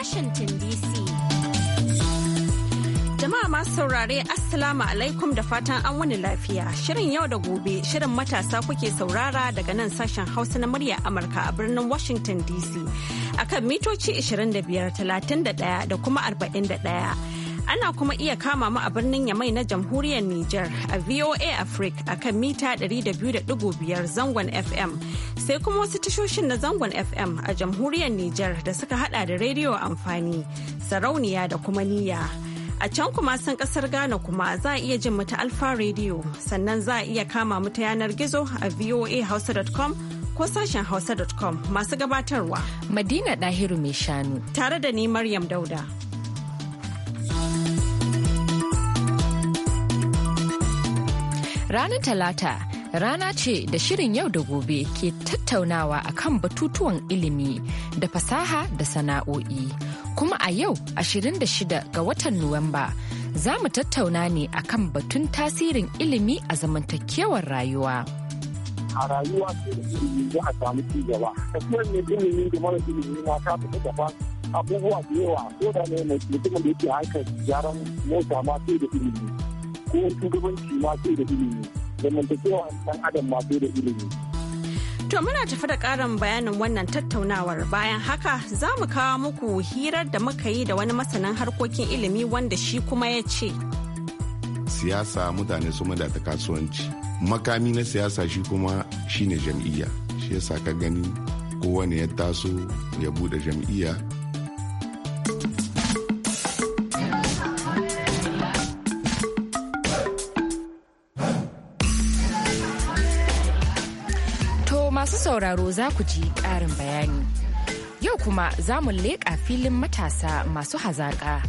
Washington DC. Jama'a masu saurare Assalamu alaikum da fatan an wani lafiya. Shirin yau da gobe, shirin matasa kuke saurara daga nan sashen Hausa na murya Amurka a birnin Washington DC. Akan mitoci 25, 31 da kuma 41. Ana kuma iya kama mu a birnin Yamai na jamhuriyar Nijar a VOA Africa a kan mita 200.5 zangon FM. Sai kuma wasu tashoshin na zangon FM a jamhuriyar Nijar da suka hada da rediyo amfani, sarauniya da kuma niyya. A can kuma sun kasar Ghana kuma za a iya jin mu ta Alfa Radio sannan za a iya kama mu ta yanar gizo a voahausa.com ko sashen hausa.com masu gabatarwa. Madina Dahiru mai shanu. Tare da ni Maryam Dauda. Ranar Talata rana ce da shirin yau da gobe ke tattaunawa akan batutuwan ilimi da fasaha da sana'o'i. Kuma a yau 26 ga watan Nuwamba za mu tattauna ne akan batun tasirin ilimi a zamantakewar rayuwa. a rayuwa ce da ilimi za a samu ci gaba kuma ne ilimi da mara ilimi ma ta fi daban abubuwa da yawa ko da ne mutumin da yake harkar gyaran mota ma sai da ilimi ko shugabanci masu da ilimi zamantakewa dan adam masu da ilimi To muna tafi da ƙarin bayanin wannan tattaunawar bayan haka za mu kawo muku hirar da muka yi da wani masanin harkokin ilimi wanda shi kuma ya ce. Siyasa mutane su da ta kasuwanci. Makami na siyasa shi kuma shine jam'iyya. Shi yasa ka gani kowane ya taso ya bude jam'iyya sauraro za ku ji ƙarin bayani. Yau kuma za mu leƙa filin matasa masu hazaƙa.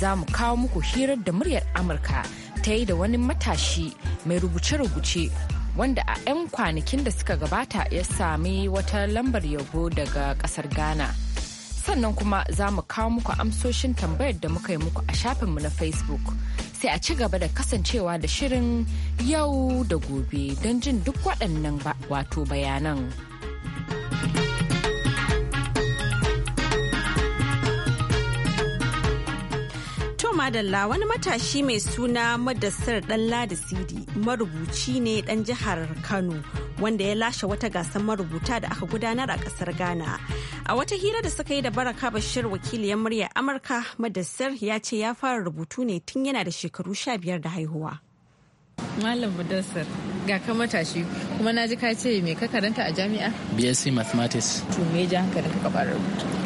Za mu kawo muku hirar da muryar Amurka ta yi da wani matashi mai rubuce-rubuce wanda a 'yan kwanakin da suka gabata ya sami wata lambar yabo daga ƙasar Ghana. Sannan kuma za mu kawo muku amsoshin tambayar da muka yi muku a shafinmu na Facebook. sai a ci gaba da kasancewa da shirin yau da gobe don jin duk waɗannan wato bayanan. madalla wani matashi mai suna madassar ɗanladi sidi marubuci ne dan jihar kano wanda ya lashe wata gasar marubuta da aka gudanar a kasar ghana a wata hira da suka yi da baraka bashir wakiliyar muryar amurka madassar ya ce ya fara rubutu ne tun yana da shekaru sha biyar da haihuwa malam madassar ga ka matashi kuma na ji ka ce me ka karanta a jami'a bsc mathematics to me ji ka fara rubutu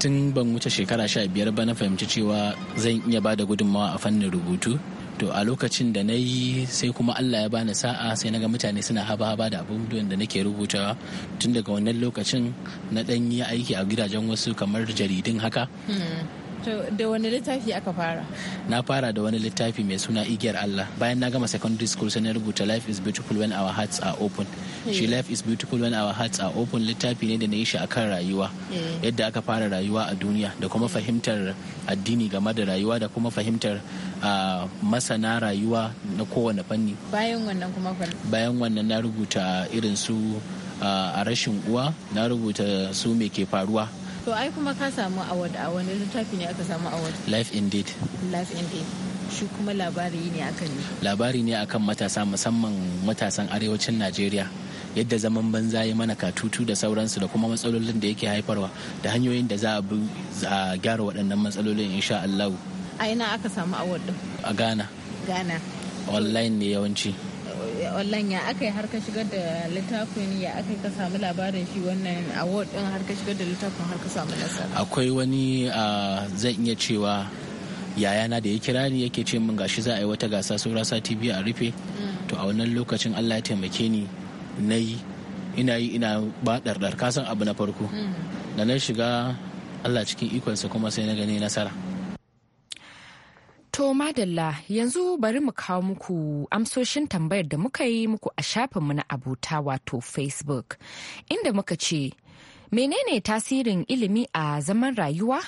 tun ban wuce shekara sha biyar ba na fahimci cewa zan iya ba da gudunmawa a fannin rubutu to a lokacin da na yi sai kuma allah ya bani sa'a sai na ga mutane suna haba haba da abubuwan da nake rubutawa tun daga wannan lokacin na ɗan yi aiki a gidajen wasu kamar jaridun haka hmm. To da wani littafi aka fara? Na fara da wani littafi mai suna igiyar Allah. Bayan na gama secondary school sai na rubuta Life is beautiful when our hearts are open. Hmm. She Life is beautiful when our hearts are open littafi ne da na yi shi akan rayuwa. Hmm. Yadda aka fara rayuwa a duniya da kuma fahimtar addini game da rayuwa da kuma fahimtar masana rayuwa na kowane fanni. Bayan wannan kuma Bayan wannan na rubuta irin su a rashin uwa na rubuta su me ke faruwa to ai kuma ka samu award a wani littafi ne aka samu award life indeed life indeed shi kuma labari ne akan ne labari ne akan matasa musamman matasan arewacin najeriya yadda zaman banza ya mana katutu da sauransu da kuma matsalolin da yake haifarwa da hanyoyin da za a bi a gyara waɗannan matsalolin insha Allah. A ina aka samu award A Ghana. Ghana. Online ne yawanci. online ya aka yi har shigar da littafin ya aka ka samu labarin shi wannan award din har shigar da littafin har samu nasara akwai wani zan iya cewa yayana da ya kira ni yake ce min gashi za a yi wata gasa saura sati biyu a rufe mm. to a wannan lokacin Allah ya taimake ni na ina yi ina ba ɗarɗar kasan abu na farko mm. da na shiga Allah cikin ikonsa kuma sai na gani nasara To madalla yanzu bari mu kawo muku amsoshin tambayar da muka yi muku a shafinmu na abota wato Facebook inda muka ce menene tasirin ilimi a zaman rayuwa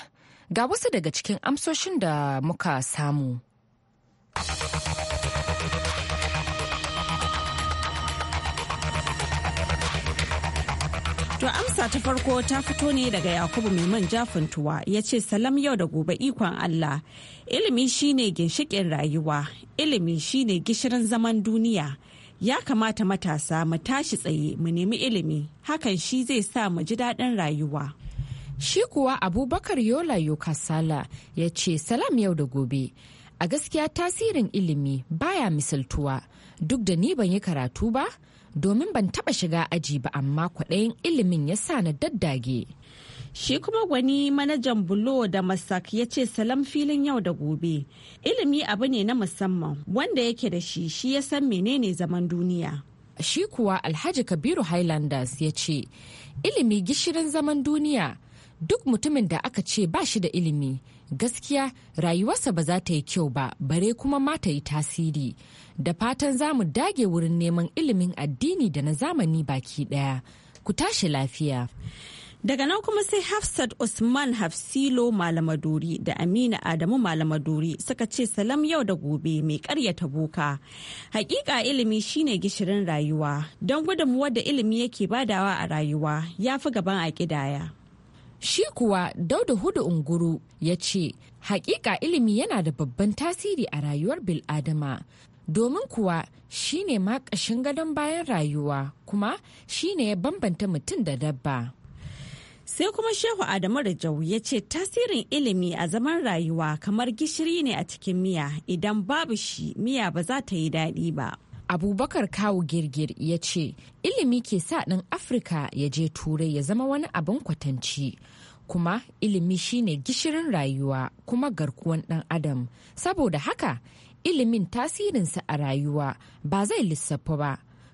ga wasu daga cikin amsoshin da muka samu. To amsa ta farko ta fito ne daga Yakubu mai manja funtuwa ya ce salam yau da gobe ikon Allah. Ilimi shine ginshikin rayuwa, ilimi shine gishirin zaman duniya. Ya kamata matasa mu tashi tsaye mu nemi ilimi, hakan shi zai sa mu ji daɗin rayuwa. Shi kuwa Abubakar Yola Yokasala ya ce salam yau da gobe. a gaskiya tasirin ilimi baya misaltuwa duk da ni ban yi karatu ba domin ban taba shiga aji ba amma kwaɗayin ilimin ya sa na daddage shi kuma gwani manajan bulo da masak ya ce salam filin yau da gobe ilimi abu ne na musamman wanda yake da shi shi ya san menene zaman duniya shi kuwa alhaji kabiru highlanders ya ce ilimi gishirin zaman duniya duk mutumin da aka ce ba shi da ilimi gaskiya rayuwarsa ba za ta yi kyau ba bare kuma ma ta yi tasiri da fatan za mu dage wurin neman ilimin addini da na zamani baki daya ku tashi lafiya daga nan kuma sai hafsat usman hafsilo malamaduri da amina adamu malamaduri suka ce salam yau da gobe mai karyata boka hakika ilimi shine gishirin rayuwa don gudunmuwar da ilimi yake badawa a rayuwa ya fi gaban a kidaya Shi kuwa Dauda Hudu Unguru ya ce, hakika ilimi yana da babban tasiri a rayuwar bil'adama. Domin kuwa shi ne makashin gadon bayan rayuwa kuma shi ne ya bambanta mutum da dabba. Sai kuma Shehu Adamu Rajau ya ce tasirin ilimi a zaman rayuwa kamar gishiri ne a cikin miya idan babu shi miya ba za ta yi daɗi ba. abubakar kawu girgir ya ce ilimi ke sa ɗan afirka ya je turai ya zama wani abin kwatanci kuma ilimi shine gishirin rayuwa kuma garkuwan ɗan adam saboda haka ilimin tasirinsa a rayuwa ba zai lissafa ba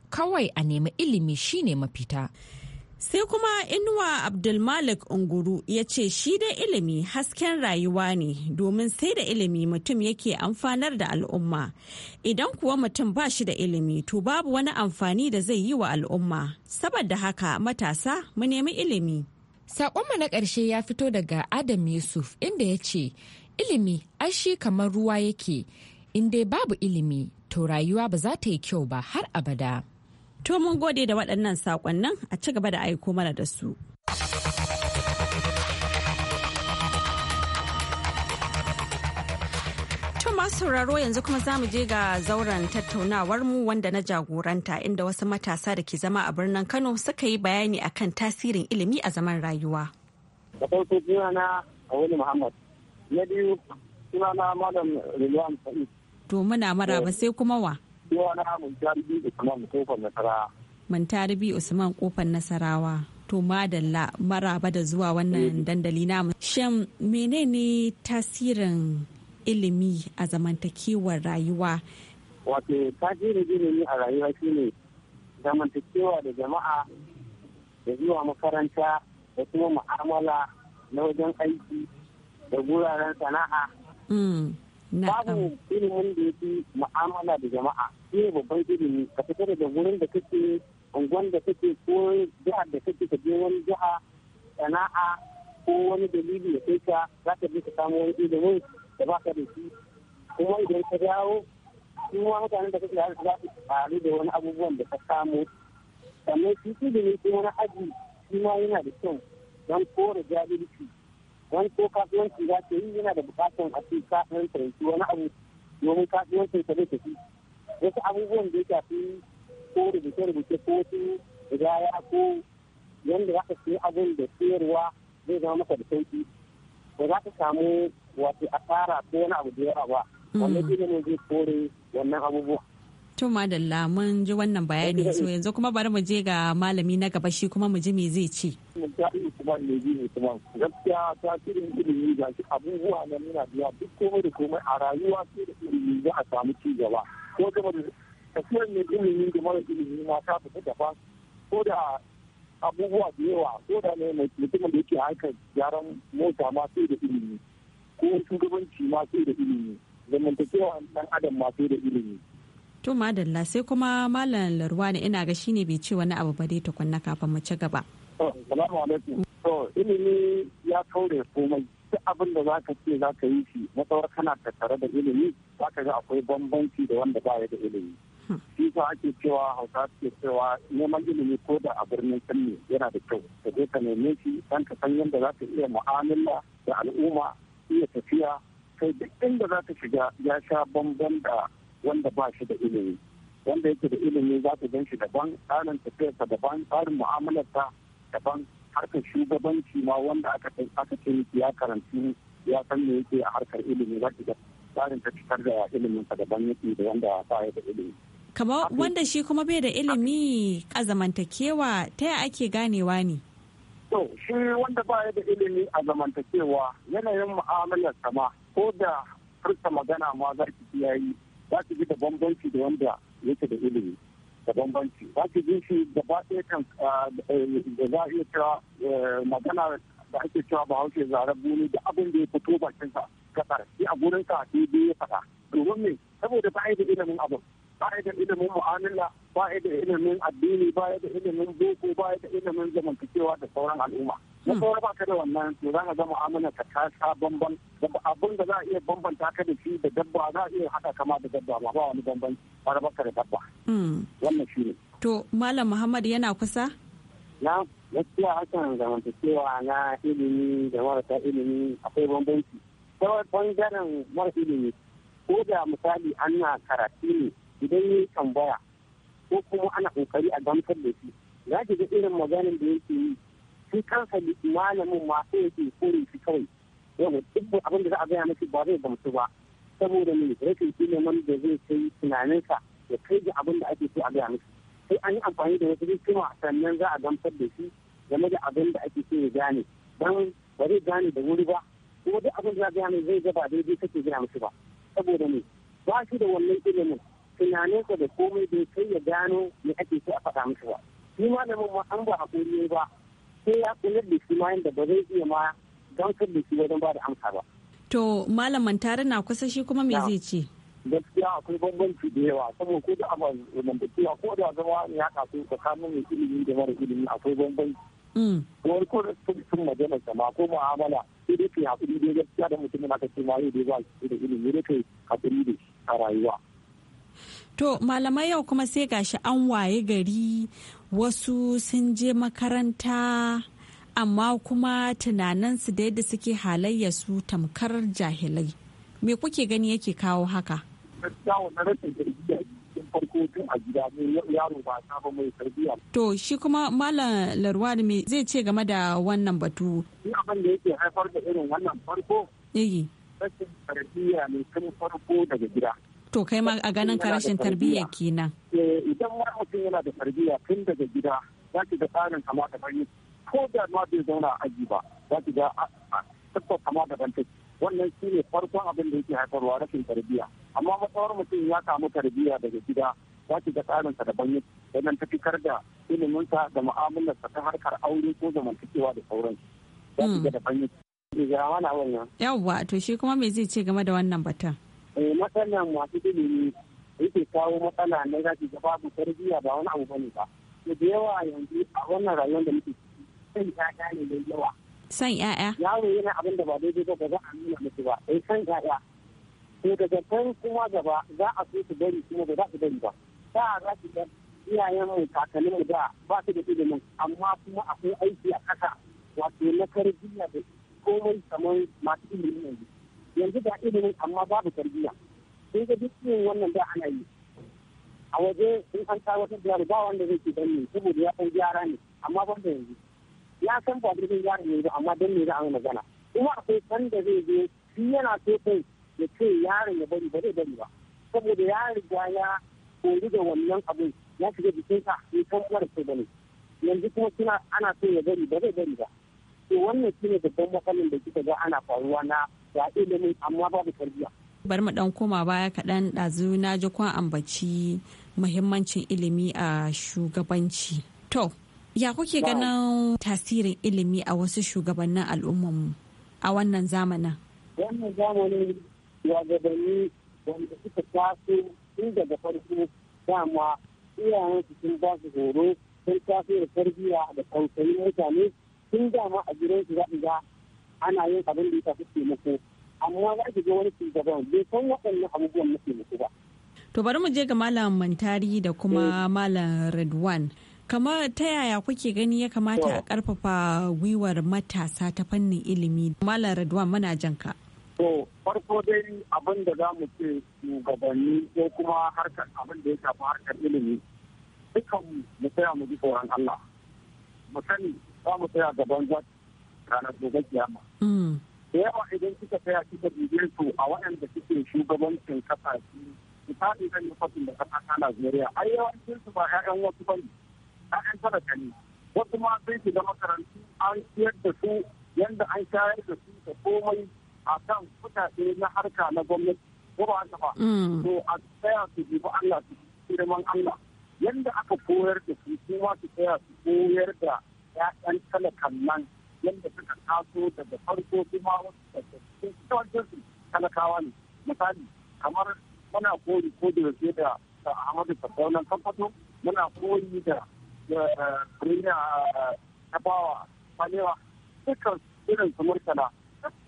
kawai a nemi ilimi shine mafita sai kuma inuwa abdulmalik unguru ya ce shi da ilimi hasken rayuwa ne domin sai da ilimi mutum yake amfanar da al'umma idan kuwa mutum ba shi da ilimi to babu wani amfani da zai yi wa al'umma saboda haka matasa mu nemi ilimi Saƙonmu na ƙarshe ya fito daga Adam Yusuf inda ya ce, Ilimi ai shi kamar ruwa yake, inda babu ilimi to rayuwa ba za ta yi kyau ba har abada. To mun gode da waɗannan saƙonnin a ci gaba da aiko mana da su. masu sauraro yanzu kuma za mu je ga zauren tattaunawar mu wanda na jagoranta inda wasu matasa da ke zama a birnin Kano suka yi bayani akan tasirin ilimi a zaman rayuwa. Da farko sunana Awani Muhammad. Na biyu sunana Malam Rilwan Sa'id. To muna maraba sai kuma wa? Sunana Muntari Bi Usman Kofar Nasarawa. Muntari Bi Usman Kofar Nasarawa. To madalla maraba da zuwa wannan mm. dandali namu. Shin menene tasirin ilimi a zamantakewar rayuwa? Wato tasirin ilimi a rayuwa shi ne? zamantakewa da jama'a da zuwa makaranta da kuma mu'amala na wajen aiki da guraren sana'a. Mm, Babu ilimin da ya fi mu'amala da jama'a shi ne babban ilimi ka fita daga wurin da kake unguwan da kake ko jihar da kake ka je wani jiha sana'a ko wani dalili da kai ka za ka je ka samu wani ilimin da ba ka da shi kuma idan ka dawo kuma mutanen da kake da za su faru da wani abubuwan da ka samu sannan shi da yake wani aji shi ma yana da kyau don kore jahilci don ko kasuwanci za ta yi yana da bukatar a ce ka ɗan wani abu domin kasuwancin ka zai tafi wasu abubuwan da ya shafi ko rubuce-rubuce ko wasu ya ko yadda za ka siya abin da siyarwa zai zama maka da sauki ba za ka samu wato asara ko wani abu da yawa ba mm. wanda shi ne zai kore wannan abubuwa to madalla mun ji wannan bayani so yanzu kuma bari mu je ga malami na gaba shi kuma mu ji me zai ce gaskiya tasirin ilimi ga shi abubuwa na nuna biya duk komai da komai a rayuwa sai da ilimi za a samu ci gaba ko gaba da tafiyar ne ilimi da mara ilimi ma ta ta gaba ko da abubuwa da yawa ko da ne mutumin da yake harkar gyaran mota ma sai da ilimi ko shugabanci ma sai da ilimi zamantakewa dan adam ma sai da ilimi to madalla sai kuma malam ne ina ga shine bai ce wani abu ba dai tukunna kafin mu ci gaba salamu alaikum to ilimi ya kaure komai duk abin da zaka ce zaka yi shi matsawar kana tattare da ilimi zaka ga akwai bambanci da wanda baya da ilimi hmm. shi sa ake cewa hausa ke cewa neman ilimi ko da a birnin sanne yana da kyau ka je ka neme shi dan ka san yadda za ka iya mu'amala da al'umma iya tafiya sai duk inda za ta shiga ya sha bambam da wanda ba shi da ilimi wanda yake da ilimi za ta gan shi daban tsarin tafiyarsa daban tsarin mu'amalarsa daban harkar shugabanci ma wanda aka aka ce ya karanci ya san me yake a harkar ilimi za ta tsarin ta fitar da sa daban yake da wanda ba ya da ilimi kama wanda shi kuma bai da ilimi a zamantakewa ta ake ganewa ne To, shi wanda ba ya da ilimi a zamantakewa yanayin mu'amalar sama ko da furta magana ma za ki biya yi za ki ji da bambanci da wanda yake da ilimi da bambanci za ki ji shi da ba ɗaya kan da za iya cewa e, magana da ake cewa ba haushe zarar buni da abin da ya fito bakinsa kasar shi a gurinsa daidai ya faɗa domin me saboda ba ya da ilimin abin ba da ilimin mu'amala ba da ilimin addini ba da ilimin boko ba da ilimin zamantakewa da sauran al'umma na sauran hmm. ba ka da wannan to za ka ga mu'amala ka ta bambam bamban abin da za a iya bambanta ka da shi da dabba za a iya haɗa kama da dabba ba ba wani bambam ba da baka da dabba hmm. wannan shi ne to malam muhammad yana kusa na gaskiya hakan zamantakewa na ilimi da marasa ilimi akwai bambanci ta ɓangaren mara ilimi ko da misali ana karatu ne idan yi tambaya ko kuma ana kokari a gamsar da shi za ki ga irin maganin da yake yi shi kansa malamin ma sai yake kore shi kawai yau duk abin da za a gaya mashi ba zai gamsu ba saboda ne rashin ilimin da zai kai tunaninsa ya kai ga abin da ake so a gaya mashi sai an yi amfani da wasu hikima sannan za a gamsar da shi game da abin da ake so ya gane dan ba zai gane da wuri ba kuma duk abin da za a gaya mai zai gaba daidai kake gaya mashi ba saboda ne ba shi da wannan ilimin tunaninsa da komai bai kai ya gano me ake so a faɗa musu ba shi da ma an ba hakuri ba sai ya kular da shi ma yadda ba zai iya ma gamsar da shi wajen ba da amsa ba to malamin tare na kusa shi kuma me zai ce gaskiya akwai bambanci da yawa saboda ko da da zamantakewa ko da zama ne ya kasu tsakanin mai ilimi da mara ilimi akwai bambanci wani mm. ko da sun magana sama ko mu'amala sai dai kai hakuri da gaskiya da mutum na kace ma yau dai ba shi da ilimi da kai haƙuri da shi a rayuwa To malamai yau kuma sai gashi an waye gari wasu sun je makaranta amma kuma tunaninsu da yadda suke halayya su tamkar jahilai. Me kuke gani yake kawo haka? To shi kuma Malam larwa me zai ce game da wannan batu? Shi abin da yake haifar da irin wannan farko? Iyi. Eh. Rashin tarbiyya ne tun farko daga gida. To kai ma a ganin karashin rashin tarbiyya kenan. Eh, idan wani mutum yana da tarbiyya tun daga gida za ki ga tsarin kama da bari ko da ma bai zauna a ba za ki ga tattar kama da bari wannan shi ne farkon abin da yake haifarwa rashin tarbiyya amma matsawar mutum ya samu tarbiyya daga gida za ki ga tsarin tsarinsa daban yi wannan ta fitar da iliminsa da mu'amalarsa ta harkar aure ko zamantakewa da sauransu za ki ga mm. daban yi. Yawwa to shi kuma me zai ce game da wannan batun? Eh, matsalan masu ilimi yake kawo matsala na zaki ga babu tarbiyya ba wani abu bane ba to da yawa yanzu a wannan rayuwar da muke san 'ya'ya ne da yawa san ya'ya yaro yana abin da ba daidai ba ba za a nuna musu ba sai san 'ya'ya. to daga can kuma gaba za a so su bari kuma ba za su bari ba za a za su ga iyayen mu kakannin mu da ba su da ilimin amma kuma akwai aiki a kasa wato na tarbiyya da komai kamar masu ilimin yanzu yanzu da ilimin amma babu tarbiyya sun ga duk yin wannan da ana yi a waje sun an kawo wata gyara ba wanda zai ke danne saboda ya san gyara ne amma ban da yanzu ya san ba zai gyara ne ba amma dan ne za a yi magana kuma akwai san da zai zo shi yana so kai ya ce yaron ya bari ba zai bari ba saboda ya riga ya kori da wannan abin ya shiga jikinsa ya san da sai bane yanzu kuma suna ana so ya bari ba zai bari ba to wannan shine babban matsalin da kika ga ana faruwa na da ilimin amma babu tarbiyya bar mu dan koma baya kaɗan ɗazu na ji kwan ambaci muhimmancin ilimi a shugabanci to ya kuke ganin tasirin ilimi a wasu shugabannin al'ummanmu a wannan zamanin wannan zamanin shugabanni wanda suka taso tun daga farko dama iyayensu sun ba su horo sun taso da tarbiyya da tausayin mutane tun dama a gidansu za ga ana yin abin da ya shafi muku amma za ki ga wani shugaban bai san waɗannan abubuwan na muku ba. To bari mu je ga Malam Mantari da kuma eh. Malam Redwan. Kamar ta yaya kuke gani ya kamata a karfafa gwiwar matasa ta fannin ilimi? Malam Redwan mana janka. To farko dai abin da za mu ce shugabanni ko kuma harkar abin da ya shafi harkar ilimi. Dukkan mu tsaya mu ji tsoron Allah. Mu sani za mu tsaya gaban zaki ranar gobe kiyama. Mm. Da yawa idan kika tsaya kika bibiyar su a waɗanda suke shugabancin kasashe misali zan yi fasin da kasa ta Najeriya ai yawancin su ba 'ya'yan wasu ba ne 'ya'yan talaka ne wasu ma sai su ga makarantu an siyar da su yanda an shayar da su da komai a kan kuɗaɗe na harka na gwamnati ko ba haka ba. Mm. To a tsaya su dubi Allah su girman Allah yanda aka koyar da su su ma su tsaya su koyar da 'ya'yan talakan nan yadda suka taso daga farko kuma wasu yawancin su talakawa ne misali kamar muna koyi ko da yake da Ahmadu Sabbaunan Kamfato muna koyi da Premier eh, Tabawa Falewa dukkan irin su Murtala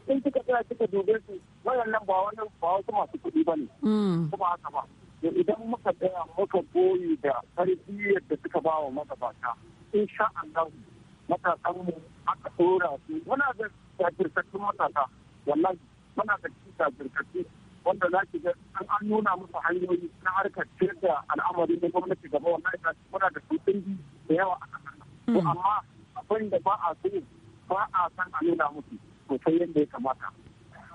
in suka tsaya suka dube su nan ba wani ba wasu masu kuɗi ba ne mm. kuma haka ba idan muka tsaya muka koyi da tarbiyyar da suka ba wa in insha Allah matasan mu aka ɗora su muna da jajirtattun matasa wallahi muna da jajirtattu wanda za ki ga an an nuna musu hanyoyi na harkar ciyar da al'amari na gwamnati gaba wallahi za ki muna da kudin da yawa a kasar nan hmm. amma abin da ba a so ba a san a nuna musu sosai yadda ya kamata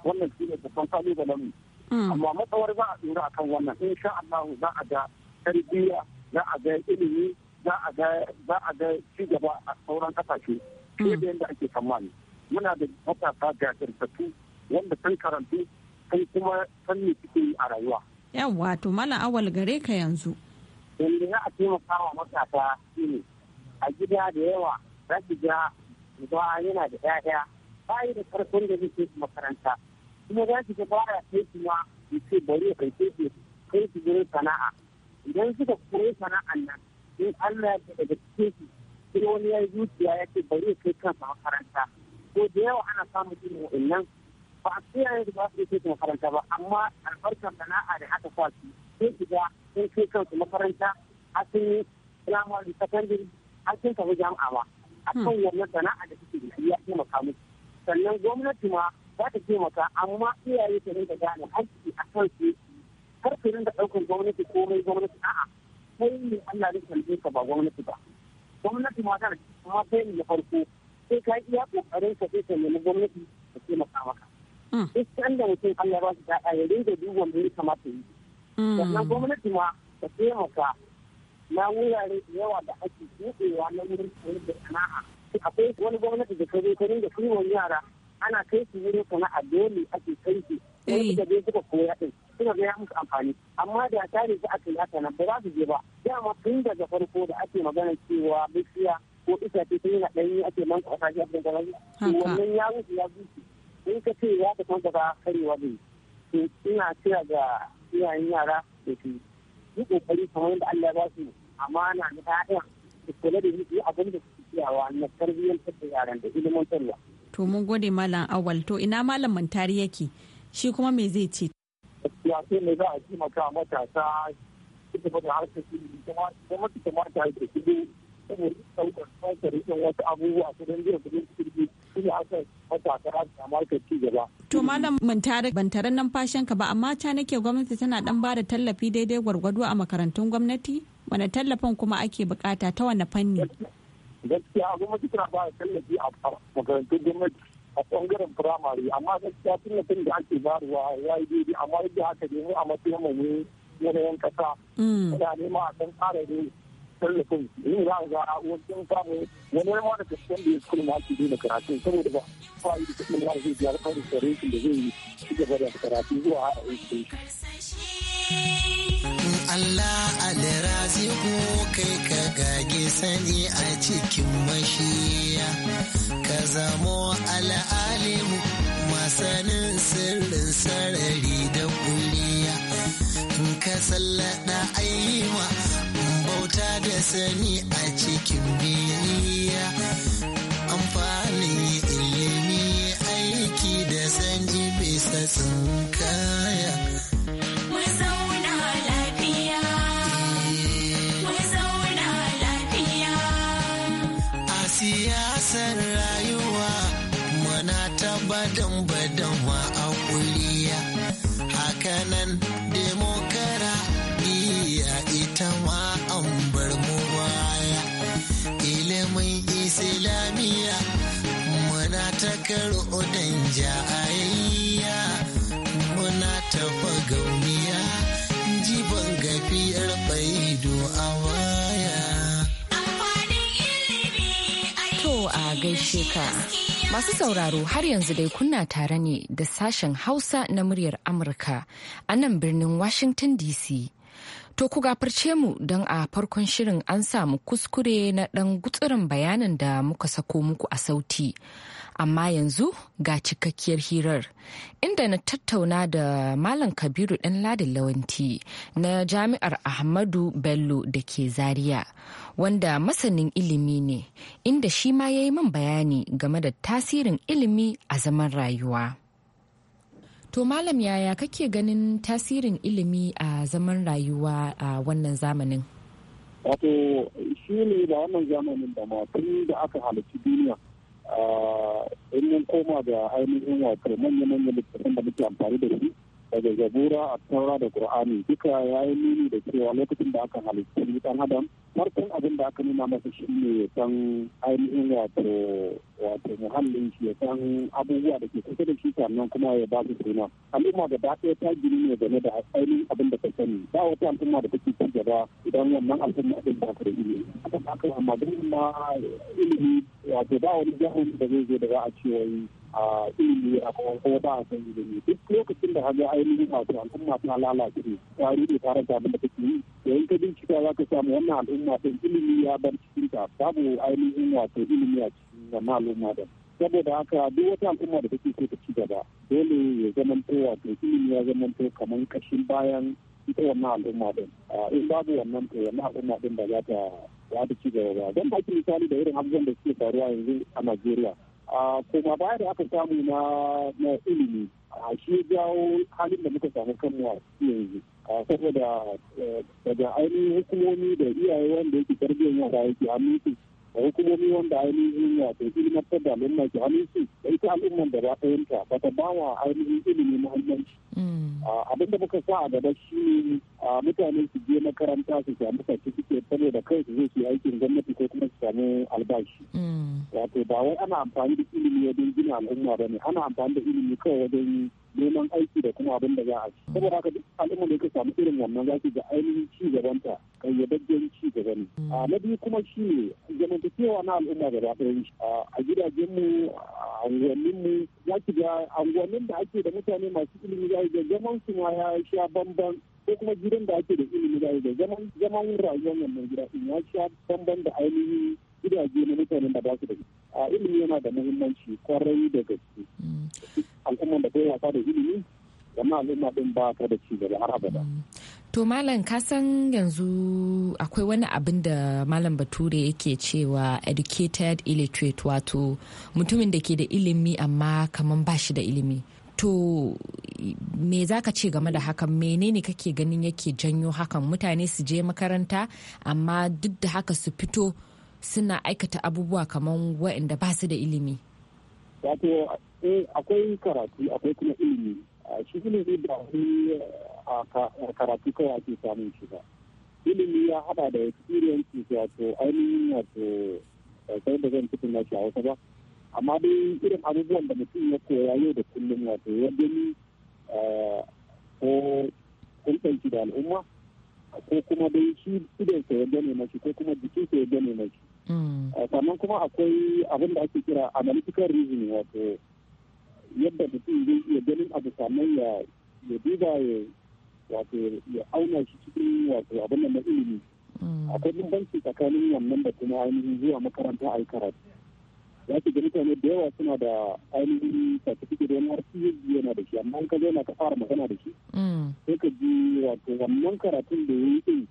wannan shi ne babban kalubalen mu hmm. amma matsawar za a tsira a kan wannan in sha Allah za a ga tarbiyya za a ga ilimi za a ga ci gaba a sauran kasashe fiye mm. da yadda ake tsammani muna da matasa jajirtattu wanda sun karantu sun kuma san ne suke yi a rayuwa. yan wato mana awal gare ka yanzu. wanda za a taimaka wa matasa ne a gida da yawa za ki ga uba yana da 'ya'ya bayi da farkon da zai su makaranta kuma za ki ga baya kai su ma su ce bari ya kai su kai su gurin sana'a idan suka koyi sana'an nan in Allah ya daga cikin sai wani ya yi zuciya ya ce bari kai kansa makaranta ko da yawa ana samun irin wa'annan ba a tsaya yadda ba su kai makaranta ba amma albarkar sana'a da aka kwaci sai shiga sun kai kansu makaranta a sun yi da sakandare a sun tafi jami'a ba a kan hmm. wannan sana'a da suke da iya taimaka musu sannan gwamnati ma za ta taimaka amma iyaye ta rinka gane haƙƙi a kan su kar su rinka ɗaukar gwamnati komai gwamnati a'a kai ne Allah ne kan ba gwamnati ba gwamnati ma ta ma sai na farko sai ka iya kokarin ka sai ka nemi gwamnati ta taimaka maka hmm. duk da mutum Allah ba shi da ya rinka duba me ya kamata yi hmm. sannan gwamnati ma ta ce taimaka na wurare da yawa da ake buɗewa na wurin da sana'a akwai wani gwamnati da ka zo ka rinka kiwon yara ana kai su wurin sana'a dole ake kai su wani da eh. je suka koya din suka ga ya amfani amma da tare su aka yi haka nan ba za su je ba dama tun daga farko da ake magana cewa bishiya ko isa itace tun yana ɗanyi ake man kwasa shi a cikin Su wannan ya wuce ya wuce in ka ce ya ka san karewa ne ina cewa ga iyayen yara da su yi kokari kamar yadda Allah ba su amana na ta'ayan su kula da yi abin da suke kiyawa na tarbiyyar da yaran da ilimantarwa. to mun gode malam awal to ina malam mantari yake shi kuma me zai ce ya ce ne za a taimaka matasa su tafi da harkar ilimi kuma kuma su kamata da yi kuɗi saboda ɗaukar ɗaukar rikin wasu abubuwa su don biyan kuɗin kirki su ne harkar matasa za su samu harkar ci gaba. to malam mantari ban taron ka ba amma ta nake gwamnati tana dan ba da tallafi daidai gwargwado a makarantun gwamnati wani tallafin kuma ake bukata ta wani fanni. gaskiya gwamnati tana ba tallafi a makarantun gwamnati a ɓangaren firamare amma gaskiya tallafin da ake bayarwa ya yi daidai amma yadda haka ne a matsayin mu ne yanayin kasa mm. muna nema a san tsara ne tallafin yin za ga a wajen samu wani yawa da kasuwan da ya kuma ma ke daina karatu saboda ba ba yi da kuma ya zai biyar kan da zai yi ci gaba da karatu zuwa a aiki. Allah alirazi ko kai ka gage sani a cikin mashiya ka zamo al'alimu masanin sirrin sarari da kuliya in ka sallada ayyuma bauta da sani a cikin biyayya amfanin ilimi aiki da sanji bisa kaya. a To a gaishe ka. Masu sauraro har yanzu dai kunna tare ne da sashen Hausa na muryar Amurka a nan birnin Washington DC. To ku gafarce mu don a farkon shirin an samu kuskure na ɗan gutsurin bayanin da muka sako muku a sauti. amma yanzu ga cikakkiyar hirar inda na tattauna da malam kabiru ɗan ladin lawanti na jami'ar ahmadu bello da ke zaria wanda masanin ilimi ne inda shi ma ya yi min bayani game da tasirin ilimi a zaman rayuwa To malam yaya kake ganin tasirin ilimi a zaman rayuwa a wannan zamanin? Wato shi ne da wannan zamanin da ma tun da aka halarci duniya in mun koma ga ainihin wato manya manya littattafan da muke amfani da su daga zabura a taura da qur'ani duka ya yi nuni da cewa lokacin da aka halittu ɗan adam farkon abin da aka nuna masa shi ne san ainihin wato wato muhallin shi san abubuwa da ke kusa da shi sannan kuma ya ba su suna al'umma da ba ɗaya ta gini ne game da ainihin abin da ka sani ba wata al'umma da take ci gaba idan wannan al'umma ɗin ba ka da ilimi haka ba ka amma ma ilimi wato ba wani jahilci da zai zo da za a ce wai a ilimi a kuma kuma ba a san ilimi duk lokacin da haga ainihin wato al'umma ta lalace ne ta rufe ta rasa abin da take yi da ka bincika za ka samu wannan al'umma ta ilimi ya bar cikin ta babu ainihin wato ilimi a cikin wannan al'umma da saboda haka duk wata al'umma da take so ta ci gaba dole ya to wato ilimi ya zamanto kamar kashin bayan ita wannan al'umma din in babu wannan to wannan al'umma din ba za ta za ta ci gaba ba don baki misali da irin abubuwan da suke faruwa yanzu a Najeriya kuma baya da aka samu na ilimi a shi jawo halin da muka samu kanmu a yanzu saboda eh, daga ainihin hukumomi da iyaye wanda yake tarbiyyar yara yake hannun hukumomi wanda ainihin wato ilimantar da al'umma ke su da ita al'umman da ba ta ba ta ba wa ainihin ilimi muhimmanci. Mm. Abin da muka sa a gaba shi mutane su je makaranta su samu certificate saboda kai su zai su aikin gwamnati ko kuma su samu albashi. Mm. Wato ba wai ana amfani da ilimi wajen gina al'umma ba ne ana amfani da ilimi kawai wajen neman aiki da kuma abin da za a ci saboda haka duk al'umma ne ka samu irin wannan za ki ga ainihin ci gabanta kayyadajjen ci gaba ne mm. a na biyu kuma shi ne zamantakewa na al'umma gaba ɗaya a mu a unguwanninmu za ki ga unguwannin da ake da mutane masu ilimi za ki ga zaman su ma ya sha bamban ko kuma gidan da ake da ilimi za ki ga zaman zaman rayuwar wannan gida ya sha bamban da ainihin gidaje na mutanen da ba su da a ilimi yana da muhimmanci kwarai da gaske mm. al'umman da kai wasa da ilimi amma al'umma din ba ta da cigaba har abada mm. to malam ka san yanzu akwai wani abin da malam bature yake cewa educated illiterate wato mutumin da ke da ilimi amma kamar ba shi da ilimi to me za ka ce game da hakan menene kake ganin yake janyo hakan mutane su je makaranta amma duk da haka su fito suna aikata abubuwa kamar waɗanda ba su da ilimi. Wato eh, akwai karatu akwai kuma ilimi shi ilimi ba wani eh, karatu kawai ake samun shi ba. Ilimi ya haɗa da experience wato ainihin wato eh, sai da zan fitin nashi a wata ba. Amma dai irin abubuwan da mutum ya koya yau da kullum wato ya gani ko kuntanci da al'umma ko kuma dai shi idan ya gane mashi ko kuma jikin sa ya gane mashi Mm. Eh, sannan kuma akwai abin da ake kira analytical reasoning wato yadda mutum zai iya ganin abu sannan ya ya duba ya wato ya auna shi cikin wato abin da na ilimi mm. akwai bambanci tsakanin wannan da kuma ainihin zuwa makaranta a yi karatu ya ce da yawa suna da ainihin certificate wani har PhD yana da shi amma an ka zauna ka fara magana da shi mm. sai ka ji wato wannan karatun da ya yi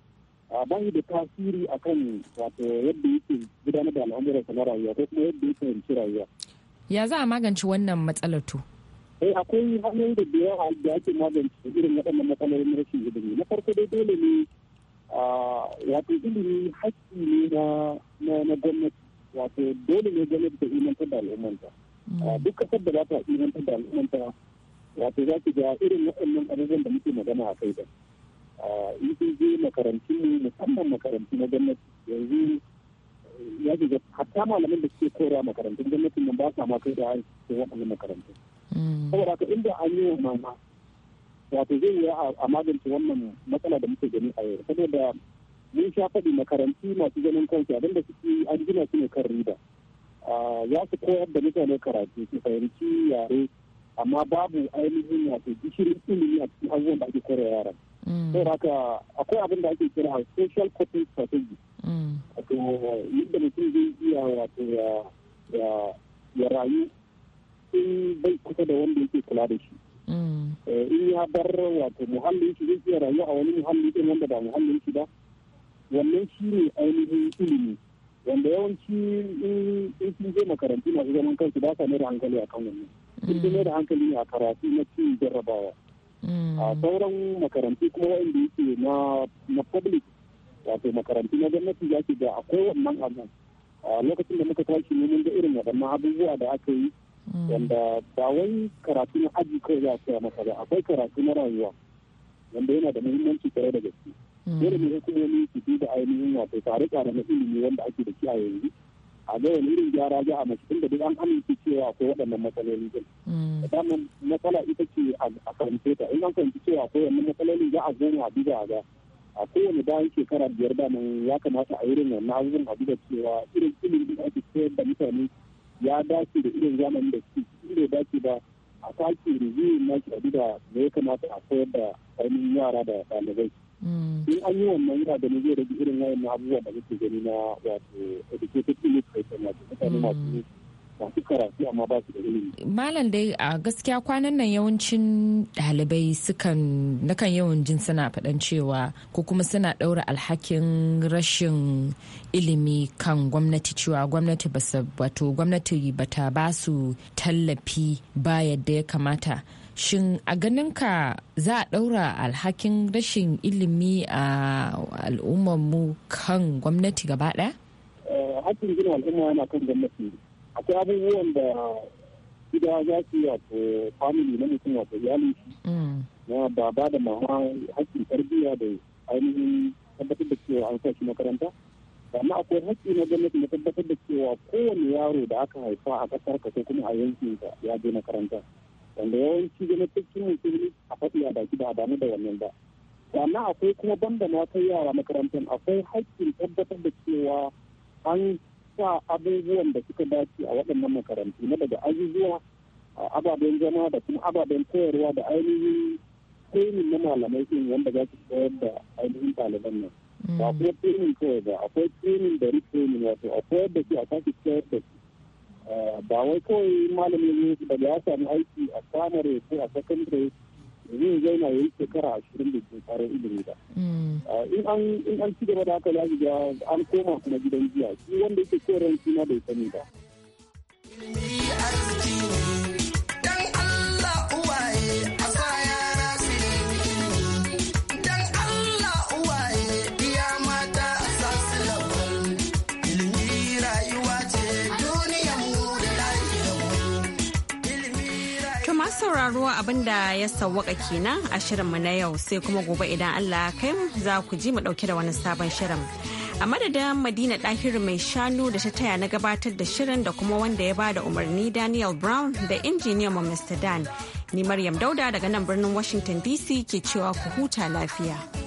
Ah, ba da tasiri akan wato yadda yake gudanar da al'amuransa na rayuwa ko kuma yadda yake yanci rayuwa. Ya za a magance wannan matsalar to? Eh akwai hanyoyi da da yawa da ake magance irin waɗannan matsalolin rashin ilimi. Na farko dai dole ne ah, wato ilimi haƙƙi ne na na gwamnati wato dole ne gwamnati ta imantar da al'ummanta. Mm. Ah, duk kasar da za ta imantar da al'ummanta wato za ta ga irin waɗannan abubuwan da muke magana a kai da. E makarantun mu musamman makarantu na gwamnati yanzu ya ga hatta malaman da suke koya makarantun gwamnati nan ba sa ma kai da hannu waɗannan makarantu. Mm. Saboda ka inda an yi wa mama wato zai yi a magance wannan matsala da muke gani a yau saboda mun sha faɗi makarantu masu ganin kansu abin da suke an gina su ne kan riba. Ya su koyar da mutane karatu su fahimci yare amma babu ainihin wato gishirin ilimi a cikin abubuwan da ake koyar yaran. Mm. sai da haka akwai abin da ake kira social coping strategy mm. wato yadda mutum zai iya wato ya rayu in bai kusa da wanda yake kula da shi mm. eh, in ya bar wato muhallin shi zai iya rayuwa a wani muhalli din wanda ba muhallin shi ba wannan shi ne ainihin ilimi wanda yawanci in sun je makarantu masu zaman kansu ba sa mai da hankali kan wannan sun mai da hankali ne a karatu na cin jarrabawa Mm. a sauran makarantu kuma wanda yake na na public wato makarantu na gwamnati ya ke da akwai wannan abu lokacin da muka tashi ne mun ga irin waɗannan abubuwa da aka yi mm. wanda ba wai karatu na aji kai za a masa ba akwai karatu na rayuwa wanda yana da muhimmanci tare da gaske mm. dole ne hukumomi su duba ainihin wato tare tsare na ilimi wanda ake da shi a yanzu a ga wani irin gyara za a mace da duk an amince cewa akwai waɗannan matsaloli din mm. daman matsala ita ce a karance ta in an fahimci cewa akwai wannan matsaloli za a goma a duba a ga a kowane bayan shekara biyar daman ya kamata a irin wannan abubuwan a duba cewa irin ilimin da ake koyar da mutane ya dace da irin zamanin da suke bai dace ba a sake rijiyoyin na a duba da ya kamata a koyar da ainihin yara da ɗalibai Mm. in an yi wannan yana da zai da irin wayan abubuwa da kake gani na wato educated na wato mutane masu mm. masu karatu amma ba su da ilimi. Malam dai a gaskiya kwanan nan yawancin ɗalibai sukan nakan yawan jin suna faɗan cewa ko kuma suna ɗaura alhakin rashin ilimi kan gwamnati cewa gwamnati basa wato gwamnati bata ba su tallafi ba yadda ya kamata. shin a ganinka za a ɗaura alhakin rashin ilimi a al'ummarmu kan gwamnati gaba ɗaya? Eh, hakin gina al'umma yana kan gwamnati akwai abubuwan da gida za su wato family na mutum wato iyali mm. na baba da mama hakin tarbiyya da ainihin tabbatar da cewa an shi makaranta amma akwai hakki na gwamnati na tabbatar da cewa kowane yaro da aka haifa a ƙasar ka ko kuma a yankin ya je makaranta wanda yawanci gwamnatocin musulmi a faɗi a baki ba damu da wannan ba sannan akwai kuma banda na kai yara makarantar akwai haƙƙin tabbatar da cewa an sa abubuwan da suka dace a waɗannan makarantu na daga azuzuwa ababen zama da kuma ababen koyarwa da ainihin training na malamai ɗin wanda za su koyar da ainihin ɗaliban nan ba mm. kuma training kawai ba akwai training da retraining wato a koyar da su a sake koyar da su ba wai kawai malamin ne da ya sami aiki a primary ko a secondary zai na yin shekara ashirin da ke tsarin ilimi ba. Mm. Uh, in an ci gaba da haka za ga an koma kuma gidan jiya shi wanda yake ran shi na bai sani ba. sauraro abin da ya sawwaka kenan a shirinmu na yau sai kuma gobe idan Allah kai za ku ji mu dauke da wani sabon shirin. A madadin Madina ɗahiru mai shanu da ta taya na gabatar da shirin da kuma wanda ya bada umarni Daniel Brown da injiniyan mu Mr. Dan. Ni Maryam Dauda daga nan birnin Washington DC ke cewa ku huta lafiya.